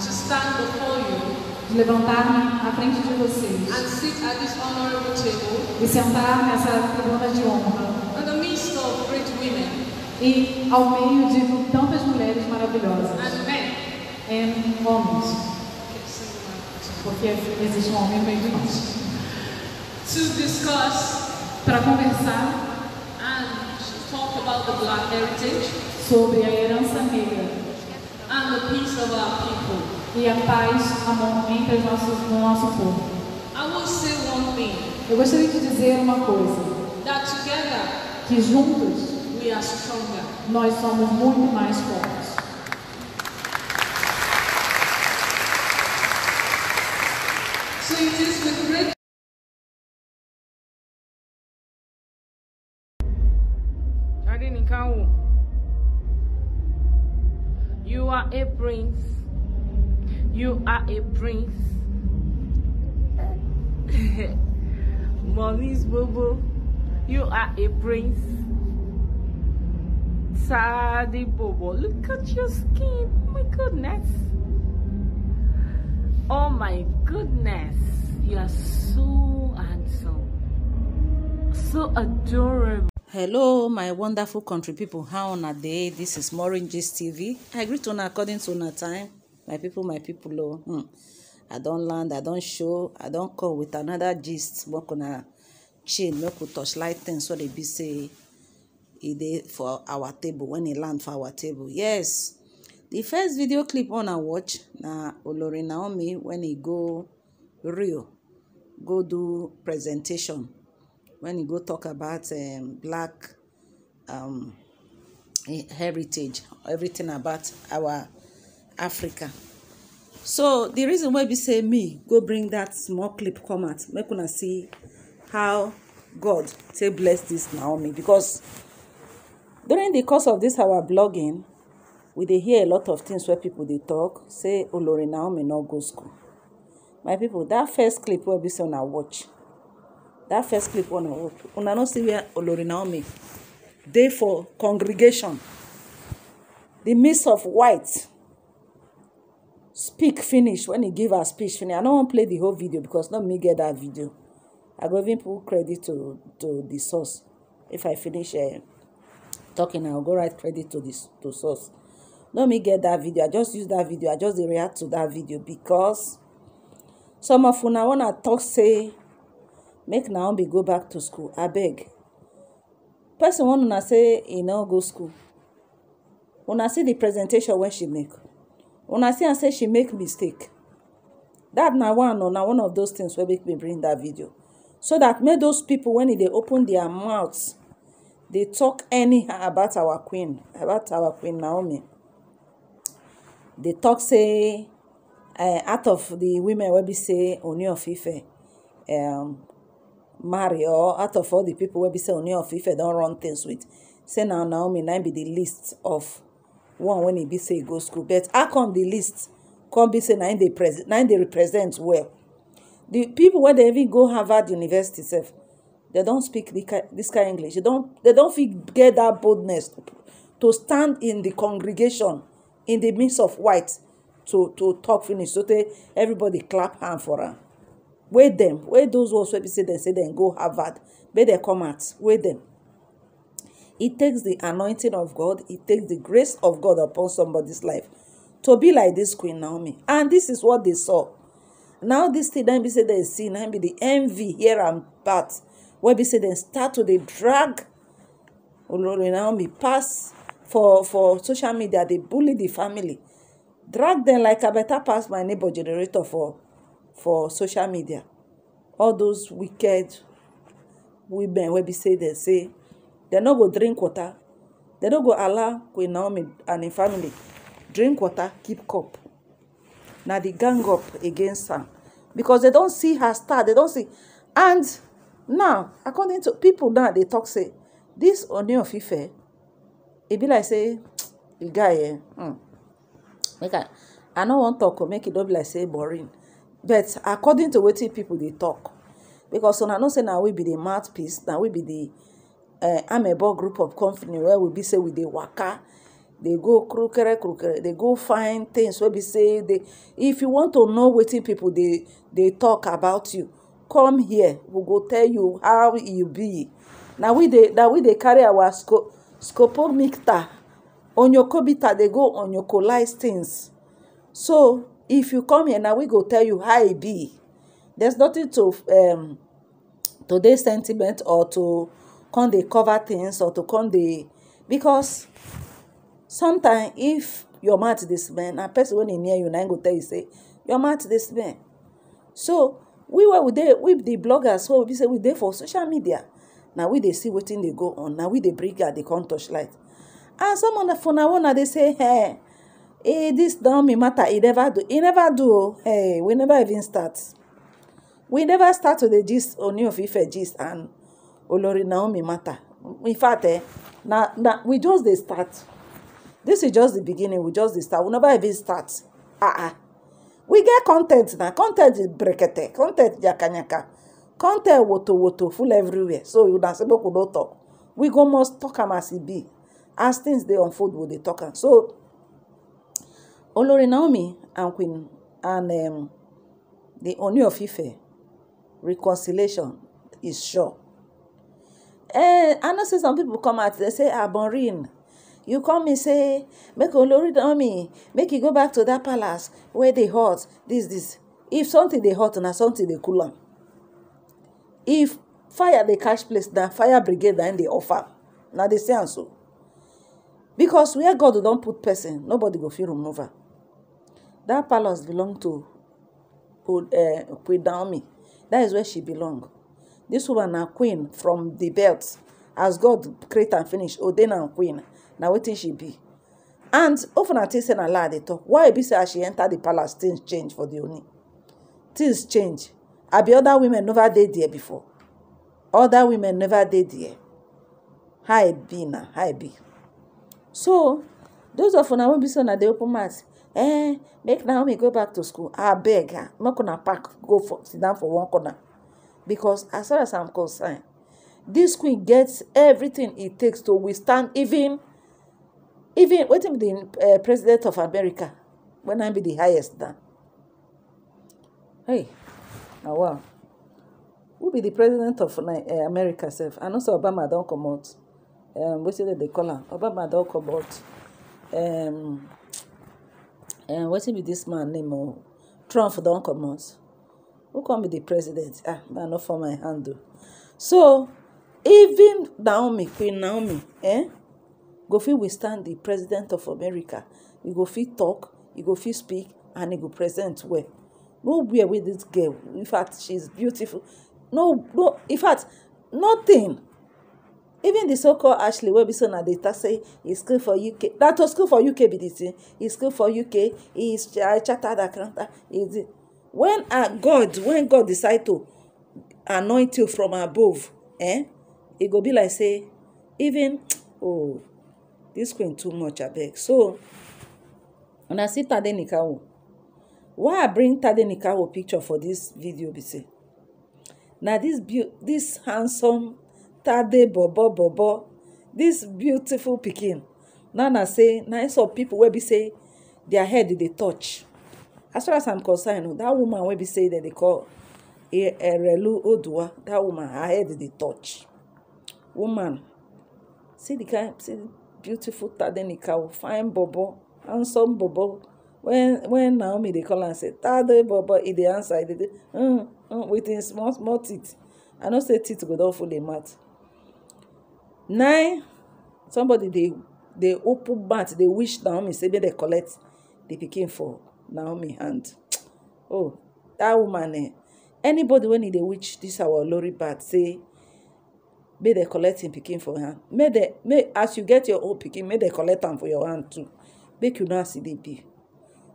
to stand before you de levantar-me à frente de vocês and sit at this honorable table e sentar nessa tribuna de honra in the midst of great women e ao meio de tantas mulheres maravilhosas and men e homens porque existe um homem meio de nós to discuss para conversar and talk about the black heritage sobre a herança negra and the peace of our people. E a paz, amor entre os no nosso povo. I will say one thing. Eu gostaria de dizer uma coisa. That together, que juntos, we are stronger. Nós somos muito mais fortes. So it is with great are a prince. You are a prince. Mommy's Bobo, you are a prince. Sadi Bobo, look at your skin. Oh my goodness. Oh my goodness. You are so handsome. So adorable. hello my wonderful country people. how una dey This is morin tv i greet una according to una time my people, my people. Oh, hmm i don land i don show i don come with another gist make una chill make we touch light things so they be say e dey for our table when e land for our table yes the first video clip una watch na olori naomi wen e go rio go do presentation when you go talk about um, black um, heritage, everything about our Africa. So the reason why we say me go bring that small clip come out, make una see how God say bless this Naomi because during the course of this our blogging, we dey hear a lot of things wey people dey talk say Olori Naomi no go school. My people, that first clip wey be say una watch that first clip on our una no see where olori naomi dey for congregation the miss of white speak finish when he give her speech finish i no wan play the whole video because no me get that video i go even put credit to to the source if i finish uh, talking i go write credit to this to source no me get that video i just use that video i just dey react to that video because some of una wanna talk say make Naomi go back to school I beg. person one una say e no go school una see the presentation wey she make una see am say she make mistake that na one na one of those things wey make me bring that video so that make those people when they e open their mouths, they talk anyhow about our queen about our queen naomi They talk say uh, out of the women wey be say Ooni of Ife um, Mario, out of all the people where be say only of ife don't run things with say now naomi na im be the list of one when he be say e go school but how come the list come be say they na im they represent well the people where they even go harvard university sef dem don speak this kind english They dem don fit get that boldness to stand in the congregation in the midst of whites to to talk finish so they everybody clap hand for am wey dem wey those ones wey be say dem say dem go harvard make dem out wey dem. e takes di anointing of god e takes di grace of god upon somebody's life to be like dis queen naomi and dis is what dey saw now dis tin na be say dem see na be di envy hear am part wey be say dem start to dey drag naomi pass for for social media dey bully di family drag dem like i better pass my neighbour generator for. for social media all those wicked women wey be say dem say dem no go drink water dem no go allow queen naomi and im family drink water keep cup na the gang up against am because dem don see her star dem don see and now according to people now dey talk say this Ooni of Ife e be like say the guy eh hmm, make i i no wan talk o oh, make e don be like say boring but according to people, they talk because so una know say now we be the mouthpiece Now we be the I'm eh, a amebo group of company where we be say we the waka They go krokere krokere They go find things where we say they. if you want to know waiting people, they they talk about you come here we go tell you how you be Now we we they carry our scopomicta cobita. They go on your onyokolize things so if you come here now, we go tell you how e be there's nothing to um, to dey sentiment or to come dey cover things or to come dey because sometimes if your mouth dey smell na person wey dey near you na go tell you say your mouth dey smell so we wey we dey we the bloggers wey we be say we dey for social media na we dey see wetin dey go on na we dey bring out dey come torchlight and some of una for una dey say hey, eh this don't me matter He never do He never do o eh we never even start we never start to the gist only of if a gist and olori naomi matter in fact eh na na we just dey start this is just the beginning we just dey start we never even start ah ah we get content now. content is brekete content yakanyaka content wotowoto full everywhere so you don't say make we no talk we go must talk am as e be as things they unfold will they talk am so Olori Naomi and Queen and um, the Oni of Ife, reconciliation is sure. Eh, I know say some people come out, they say, Aborin, ah, you come and say, make Olori Naomi, make you go back to that palace where they hurt, this, this. If something they hurt, na something they cool am. If fire they catch place na fire brigade then they offer Now they say and so because where god don't put person nobody go feel remove That palace belonged to uh, Queen Naomi. That is where she belonged. This woman a queen from the belt. As God create and finish, ordain and queen. Na wetin she be. And often I think say na lie I talk. Why e be say as she enter the palace, things change for the only. Things change. I be other women never did there before. Other women never did there. How e be na? How e be? So, those of una wey be say una dey open mouth eh make naomi go back to school I abeg ah not gonna pack go for sit down for one corner because as far as i'm concerned this queen gets everything it takes to withstand even even wetin be the uh, president of america when I be the highest na hey na wow who be the president of uh, america Self, i know so obama don't come out. um, wetin that they call am obama don comot um, eh, wetin be dis man name o trump don comot who come be the president ah man no for my hand o so even naomi queen naomi eh, go fit withstand the president of america e go fit talk. e go fit speak and e go present well nowhere wey dis girl in fact she is beautiful no no in fact nothing even the so called ashley wey be so na dey talk say school for uk na to school for uk be the thing e school for uk e is chartered accountant e is when ah god when god decide to anoint you from above eh e go be like say even oh this queen too much abeg so una see tade nikawo why i bring tade nikawo picture for this video be say na this be this handsome tade bobo bobo this beautiful pikin Nana say na im e some people wey be say their head dey touch as far as i'm concerned that woman wey be say dem dey call e-, erelu odua. That woman her head dey touch woman see the kind see the beautiful tadeni cow fine bobo handsome bobo when when naomi dey call am say tade bobo e dey answer e dey mm, mm, with him small small teeth i know say teeth go don full im mouth nine somebody dey dey open mouth dey wish naomi say make dem collect the pikin for naomi hand oh that woman eh anybody wey e dey wish this our olori bad say make dem collect im pikin for hand make dem make as you get your own pikin make dem collect am for your hand too make you know as e dey be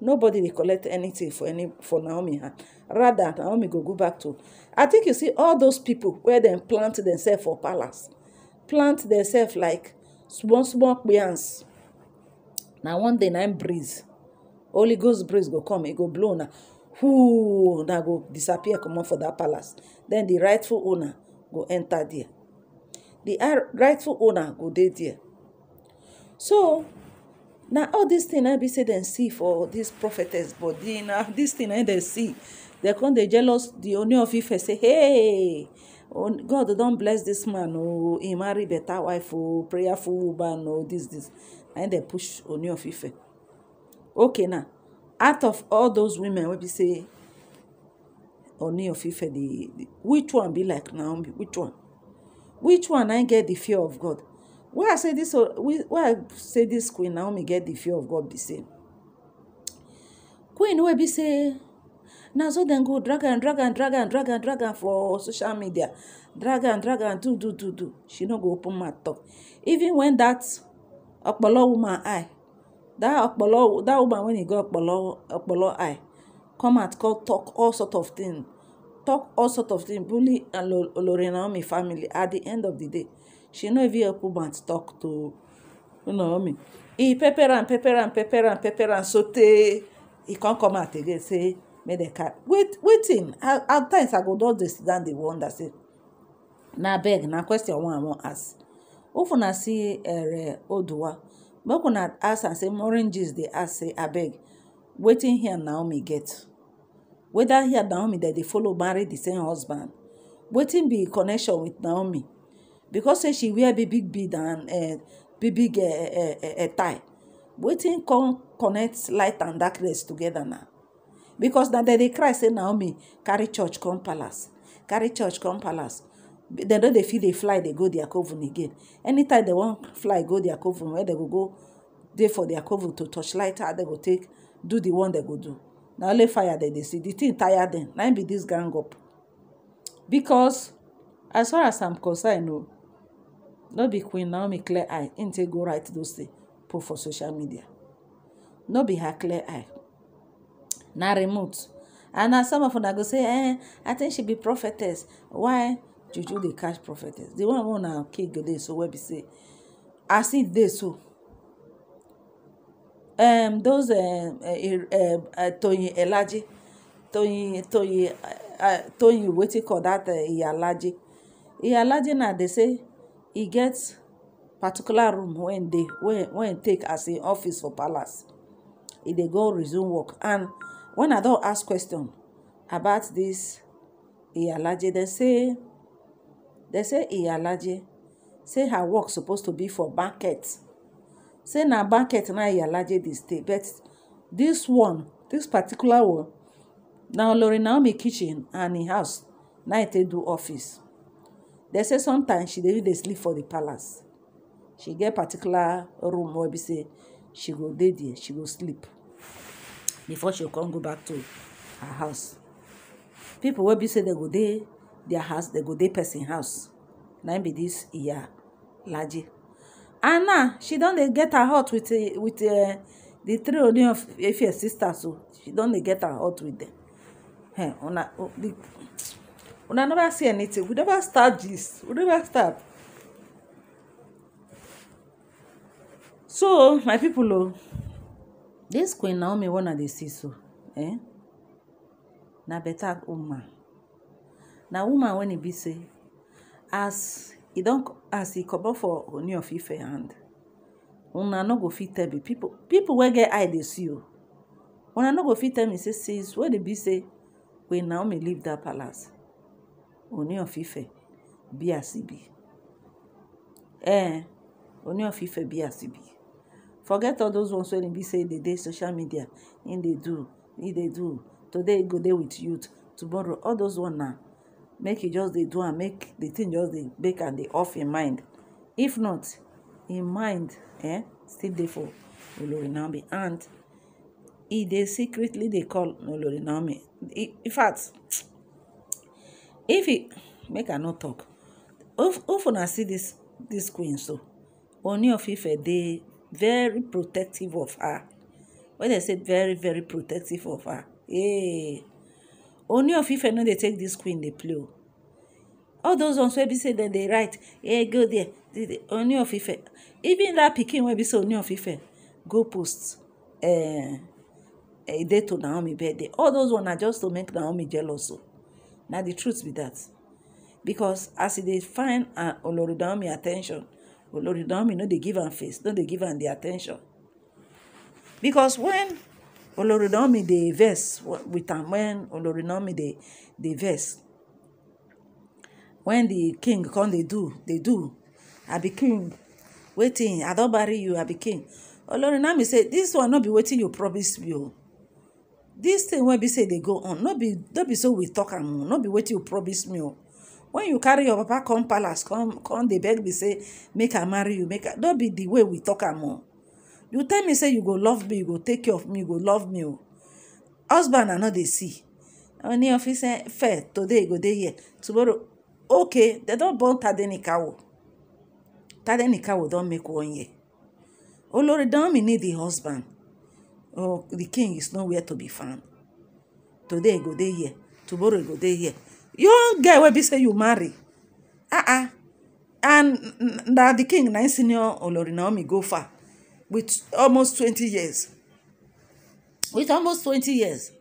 nobody dey collect anything for any for naomi hand rather naomi go go back to i think you see all those people wey dem plant themselves for palace plant demself like small small na one day na breeze holy ghost breeze go come e go blow na whoo na go disappear comot for dat palace den di rightful owner go enter there di rightful owner go dey there. so na all dis tin be say dem see for dis prophetess but na dis tin make dem see dem kon dey jealous di on'ir of ife say hey Oh, god don bless this man oh he marry better wife oh prayerful woman oh this this. dis and dem push oni of ife okay now out of all those women wey be say oni of ife dey which one be like naomi which one which one na get the fear of god why i say this? dis oh, why i say this queen naomi get the fear of god be say queen wey be say Now so then go drag and drag and drag and drag and drag am for social media drag and drag and do do do do she no go open my talk even when that okpolo woman eye that okpolo that woman when he go okpolo okpolo eye come out come talk all sort of thing talk all sort of thing bully and olori naomi family at the end of the day she no even open my talk to naomi He pepper and pepper and pepper and pepper and sotey He come come out again say make dem carry waiting. at times i go just dey sit down dey wonder say na beg, na question one i wan ask if una see ere oduwa make una ask am say morning gist dey ask say abeg wetin he and naomi get whether he naomi dem dey follow marry the same husband wetin be connection with naomi because say she wear big big bead and uh, big big uh, uh, uh, tie wetin come connect light and darkness together now." because na they dey cry say naomi carry church come palace carry church come palace dem no they feel they fly they go their coven again anytime they wan fly go their coven where they go go dey for their coven to touch lighter. They go take do the one they go do Now let fire dem they see the thing tire dem now be this gang up because as far as i'm concerned no, no be queen naomi clear eye im go write those things put for social media no be her clear eye na remote and na some of una go say eh i think she be prophetess why juju dey catch prophetess the one wey una kick go dey so wey be say as e dey so um, those um, uh, uh, uh, Toyin Elaji Toyin Toyin uh, uh, Toyin wetin call that uh, eh, Iyalaje na dey say e get particular room wey dey wey wey take as im e office for palace e dey go resume work and When i don't ask question about dis iyalaje They say they say iyalaje say her work supposed to be for market say na market na iyalaje this day, but this one this particular one na olori naomi kitchen and im e house Now im e do office They say sometimes she dey even sleep for the palace she get particular room where be say she go dey there she go sleep before she go come go back to her house People wey be say dem go dey their house dem go dey person house na be this dis Iyalaje and now she don dey get her hot with with eh, the three only of efia sisters o she don dey get her hot with dem eh una una never see anything we never start this. we never start so my people o oh, This Queen Naomi wey una dey see so eh? na better woman. Na woman wen e be say, as e don as e comot for Ooni of Ife hand, una no go fit tell me people people wey get eye dey see oo. Una no go fit tell me say since wen e be say Queen Naomi leave dat palace, Ooni of Ife be as e be. um eh, Ooni of Ife be as e be forget all those ones wey be say dey dey social media im dey do e dey do today e go dey with youth tomorrow all those one na make e just dey do am make the thing just dey make am dey off im mind if not im mind eh, still dey for Olori Naomi and e dey secretly dey call Olori Naomi in fact if e make i no talk if if una see this this queen so Ooni of Ife dey very protective of her when I say very very protective of her hey. Eh. Ooni of I know they take this queen they play all those ones where we say dem they write hey, go there Only of if even that picking where we say only of if, go post uh, e dey to Naomi birthday all those ones are just to make Naomi jealous o na the truth be that because as they find uh, Olori attention. Oh olori naomi no they give am face no they give am the attention because when olori naomi dey vex with am when olori naomi dey dey vex when the king come they do they do i be king wetin i don't bury you i be king olori naomi say this one not be waiting you promise me o this thing will be say they go on Not be not be so we talk and not be waiting you promise me oh when you carry your papa come palace come come dey beg me say make i marry you make i no be the way we talk am o you tell me say you go love me you go take care of me you go love me o husband i no dey see oni officer eh, fair today go dey here tomorrow okay dem don born tadenikawo tadenikawo don make one year olori me need the husband oh the king is nowhere to be found today go dey here tomorrow go dey here young girl wey be say you marry ah and the the king na senior olori naomi go far with almost 20 years with almost 20 years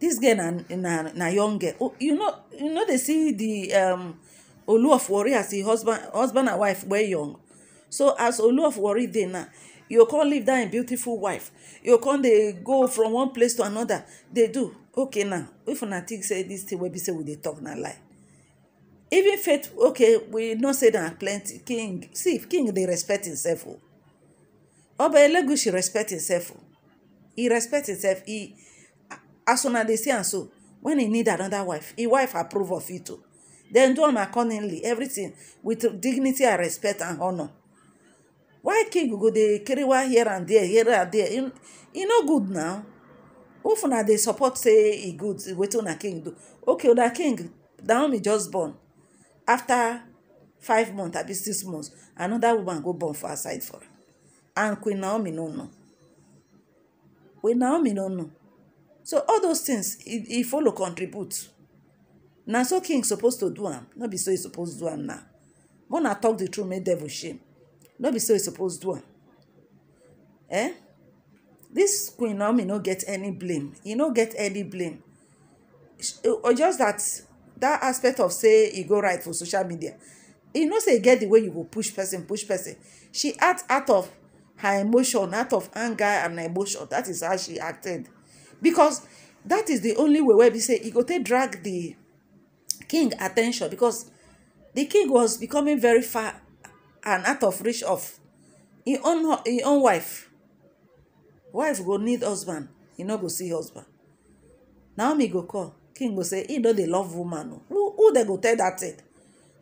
This girl na young girl oh, you know they see the um, olu of worry as the husband and wife were young so as olu of worry dey now you can't leave in beautiful wife you can't they go from one place to another. They do okay now if una think say this. thing wey be say we dey talk na lie even faith okay we know say that plenty king see if king dey respect himself o oba she respect himself He e respect himself e as una dey see am so when he need another wife his wife approve of it too. Then do am accordingly everything with dignity and respect and honor. why king go dey carry one here and there here and there e no good now if una dey support say e good wetin una king do okay una king naomi e just born after five months abi six months another woman go born for her side for her and queen naomi no know queen naomi no know so all those things e e follow contribute na so king suppose to do am no be so e suppose do am now more na talk the truth make devil shame no be so e suppose do am eh This queen naomi no get any blame e no get any blame or just that that aspect of say e go right for social media e no say e get the way you go push person push person she act out of her emotion out of anger and emotion that is how she acted because that is the only way wey be say e go take drag the king attention because the king was becoming very far and out of reach of im e own im e own wife wife go need husband e no go see husband naomi go call king go say e no dey love woman who who dey go tell dat thing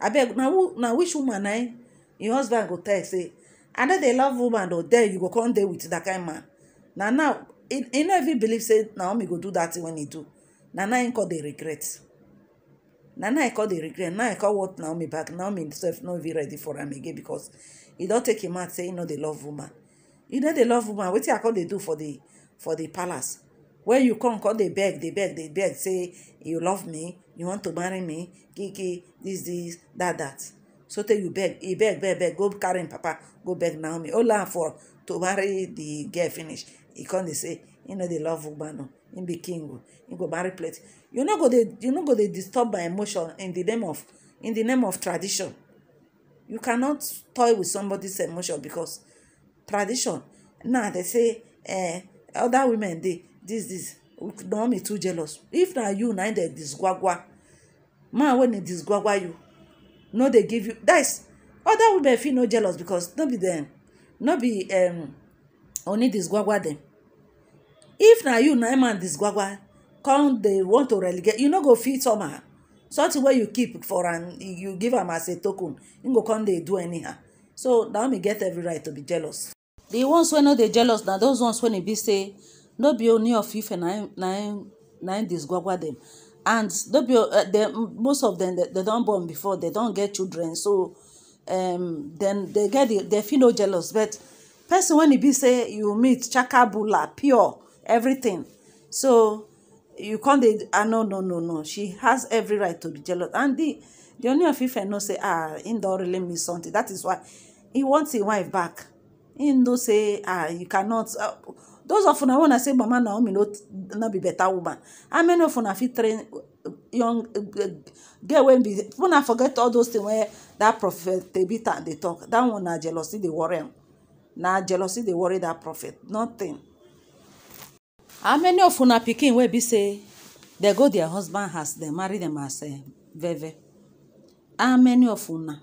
abeg na which woman na im husband go tell say i no dey love woman o den you go come dey with dat kind man na now e no even believe say naomi go do dat thing wen e do na now im come dey regret na now e come dey regret now e come want naomi back naomi himself no even ready for am again because e don take him mind say e no dey love woman You know they love woman wetin i come dey do for the for the palace when you come come they beg they beg they beg say you love me you want to marry me kiki this this that that so tey you beg e beg beg beg go carry im papa go beg naomi All ola for to marry the girl finish e come dey say you know they love woman o oh, him be king o oh, he go marry plenty you no go dey you no go dey disturb my emotion in the name of in the name of tradition you cannot toy with somebody's emotion because tradition now they say eh, other women dey this this naomi too jealous if na you na dem disgwagwa man wey dey disgwagwa you no dey give you guys other women fit no jealous because no be dem no be um, only disgwagwa dem if na you na man disgwagwa come dey want to relegate you no go fit somehow something wey you keep for am you give am as a token him go come dey do anyhow so naomi e get every right to be jealous the ones wey no dey jealous na those ones wey e be say no be only of ife na im disgwagwa dem and no be eh, most of dem dem don born before dem don get children so um, dem dey get dem feel no jealous but person when e be say you meet chakabula pure everything so you come dey ah no no no no she has every right to be jealous and the the only of Ife know say ah im don really miss something that is why he want im wife back him know say ah you cannot ah, those of una wanna say mama naomi no be better woman how many of una fit train young eh, eh, girl wey be una forget all those things wey that prophet tebita dey talk that one na jealousy dey worry am na jealousy dey worry that prophet nothing how many of una pikin wey be say dem go their husband house dem marry dem as eh, veve how many of una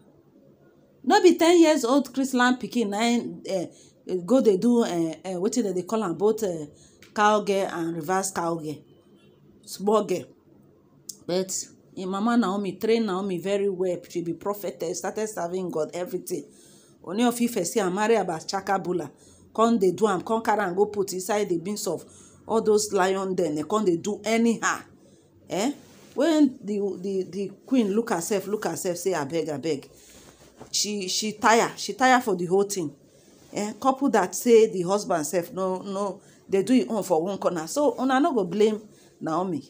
no be ten years old chrisland pikin na im eh, go dey do eh, eh, wetin dem dey call am both cow girl and reverse cow girl small girl but im mama naomi train naomi very well she be prophetess started serving god everything oni of ife see am marry abachaka bula come dey do am come carry am go put inside the beans of all those lion den dem come dey do anyhow eh when the the the queen look herself look herself say abeg abeg she she tire she tire for the whole thing eh couple that say the husband self no no dey do im own for one corner so una no go blame naomi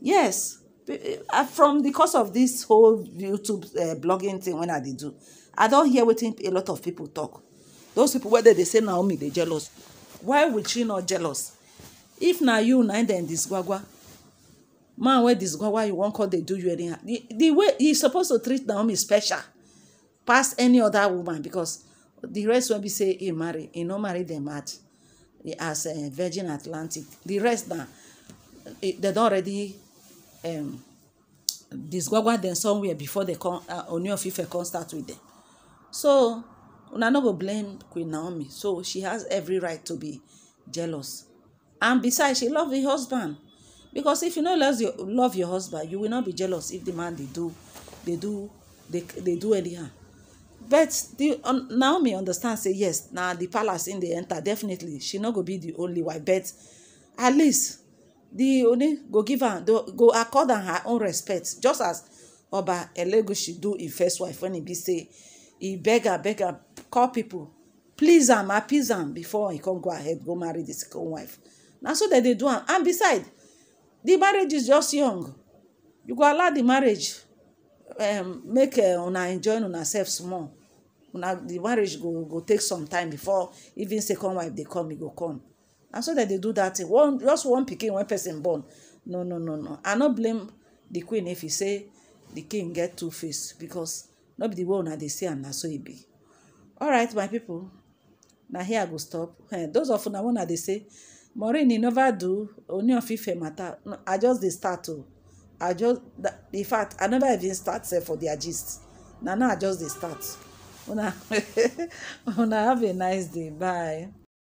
yes eh, ah, from the cause of this whole youtube uh, blogging thing wey i dey do i don hear wetin a lot of people talk those people wey dey dey say naomi dey jealous why would she not jealous if na you na dem disgwagwa man wey disgwagwa you wan call dey do you anyhow the the way he suppose to treat naomi special Past any other woman because the rest will be say he marry he no marry them at as a eh, virgin atlantic the rest now, eh, they don already um, disgwagwa dem somewhere before they come uh, Ooni of Ife come start with them so una no go blame Queen Naomi so she has every right to be jealous and besides she love her husband because if you no love your love your husband you will not be jealous if the man they do they do they they do anyhow but the um, naomi understand say yes na the palace im dey enter definitely she no go be the only wife but at least the oni go give am go accord am her own respect just as oba elegushi do im first wife when e be say e beg am beg am call people please am appease am before e come go ahead go marry the second wife na so dem dey do am and beside the marriage is just young you go allow the marriage um, make uh, una enjoy una self small una the marriage go go take some time before even second wife dey come e go come and so dem dey do dat thing one just one pikin one person born no no no no i no blame the queen if e say the king get two face because no be the way una dey see am na so e be alright my people na here i go stop eh, those of una wey una dey say maureen e never do Ooni of Ife matter i just dey start o. Oh i just that, in fact i never even start sef for their gist na now i just dey start una una have a nice day bye.